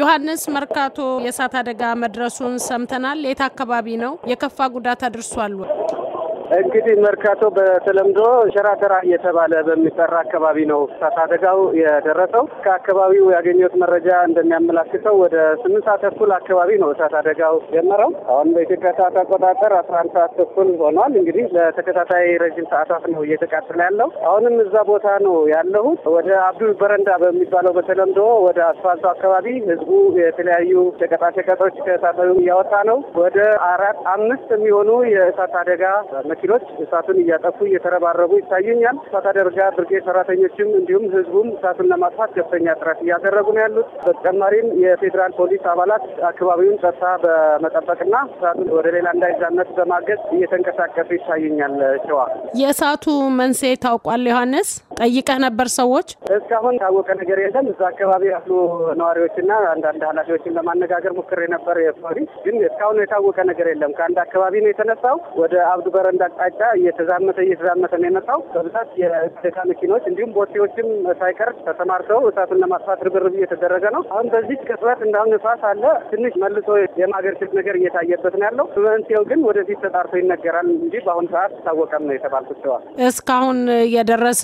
ዮሐንስ መርካቶ የእሳት አደጋ መድረሱን ሰምተናል። የት አካባቢ ነው? የከፋ ጉዳት አድርሷል? እንግዲህ መርካቶ በተለምዶ ሸራተራ እየተባለ በሚጠራ አካባቢ ነው እሳት አደጋው የደረሰው። ከአካባቢው ያገኘሁት መረጃ እንደሚያመላክተው ወደ ስምንት ሰዓት ተኩል አካባቢ ነው እሳት አደጋው ጀመረው። አሁን በኢትዮጵያ ሰዓት አቆጣጠር አስራ አንድ ሰዓት ተኩል ሆኗል። እንግዲህ ለተከታታይ ረዥም ሰዓታት ነው እየተቃጠለ ያለው። አሁንም እዛ ቦታ ነው ያለሁት። ወደ አብዱል በረንዳ በሚባለው በተለምዶ ወደ አስፋልቱ አካባቢ ህዝቡ የተለያዩ ሸቀጣሸቀጦች ከሳጠዩ እያወጣ ነው። ወደ አራት አምስት የሚሆኑ የእሳት አደጋ ወኪሎች እሳቱን እያጠፉ እየተረባረቡ ይታዩኛል። እሳት አደጋ ብርጌድ ሰራተኞችም እንዲሁም ህዝቡም እሳቱን ለማጥፋት ከፍተኛ ጥረት እያደረጉ ነው ያሉት። በተጨማሪም የፌዴራል ፖሊስ አባላት አካባቢውን ጸጥታ በመጠበቅና እሳቱን ወደ ሌላ እንዳይዛመት በማገዝ እየተንቀሳቀሱ ይታዩኛል። ሸዋ የእሳቱ መንስኤ ታውቋል? ዮሐንስ ጠይቀህ ነበር? ሰዎች እስካሁን ታወቀ ነገር የለም። እዛ አካባቢ ያሉ ነዋሪዎችና አንዳንድ ኃላፊዎችን ለማነጋገር ሞክሬ ነበር። የፖሊስ ግን እስካሁን የታወቀ ነገር የለም። ከአንድ አካባቢ ነው የተነሳው። ወደ አብዱ በረንዳ አቅጣጫ እየተዛመተ እየተዛመተ ነው የመጣው። በብዛት የግዴታ መኪኖች እንዲሁም ቦቴዎችም ሳይቀር ተሰማርተው እሳቱን ለማስፋት ርብርብ እየተደረገ ነው። አሁን በዚህ ቅጽበት እንዳሁን እሳት አለ ትንሽ መልሶ የማገር የማገርሸት ነገር እየታየበት ነው ያለው። መንስኤው ግን ወደፊት ተጣርቶ ይነገራል እንጂ በአሁን ሰዓት ታወቀም ነው የተባልኩት። ቸዋል እስካሁን የደረሰ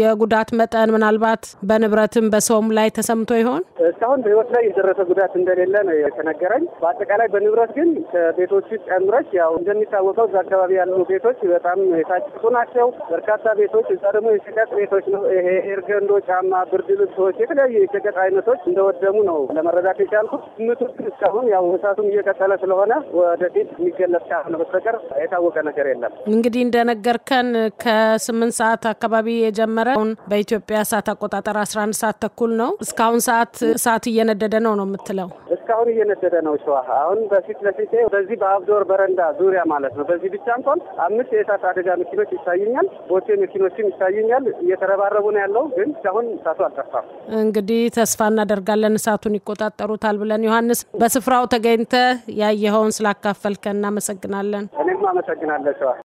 የጉዳት መጠን ምናልባት በንብረትም በሰውም ላይ ተሰምቶ ይሆን? እስካሁን በህይወት ላይ የደረሰ ጉዳት እንደሌለ ነው የተነገረኝ። በአጠቃላይ በንብረት ግን ከቤቶች ጨምረች ያው እንደሚታወቀው እዛ አካባቢ ያሉ ቤቶች በጣም የታጭቁ ናቸው። በርካታ ቤቶች እዛ ደግሞ የሸቀጥ ቤቶች ነው። ይሄ ኤርገንዶ ጫማ፣ ብርድ ልብሶች፣ የተለያዩ የሸቀጥ አይነቶች እንደወደሙ ነው ለመረዳት የቻልኩት። ምቱ እስካሁን ያው እሳቱም እየቀጠለ ስለሆነ ወደፊት የሚገለጽ ካልሆነ በስተቀር የታወቀ ነገር የለም። እንግዲህ እንደነገርከን ከስምንት ሰዓት አካባቢ የጀመረ አሁን በኢትዮጵያ ሰዓት አቆጣጠር አስራ አንድ ሰዓት ተኩል ነው። እስካሁን ሰዓት እሳት እየነደደ ነው ነው የምትለው እስካሁን እየነደደ ነው ሸዋ። አሁን በፊት ለፊቴ በዚህ በአብዶር በረንዳ ዙሪያ ማለት ነው። በዚህ ብቻ እንኳን አምስት የእሳት አደጋ መኪኖች ይታዩኛል፣ ቦቴ መኪኖችም ይታዩኛል። እየተረባረቡ ነው ያለው፣ ግን እስካሁን እሳቱ አልጠፋም። እንግዲህ ተስፋ እናደርጋለን እሳቱን ይቆጣጠሩታል ብለን። ዮሐንስ፣ በስፍራው ተገኝተ ያየኸውን ስላካፈልከ እናመሰግናለን። እኔም አመሰግናለን ሸዋ።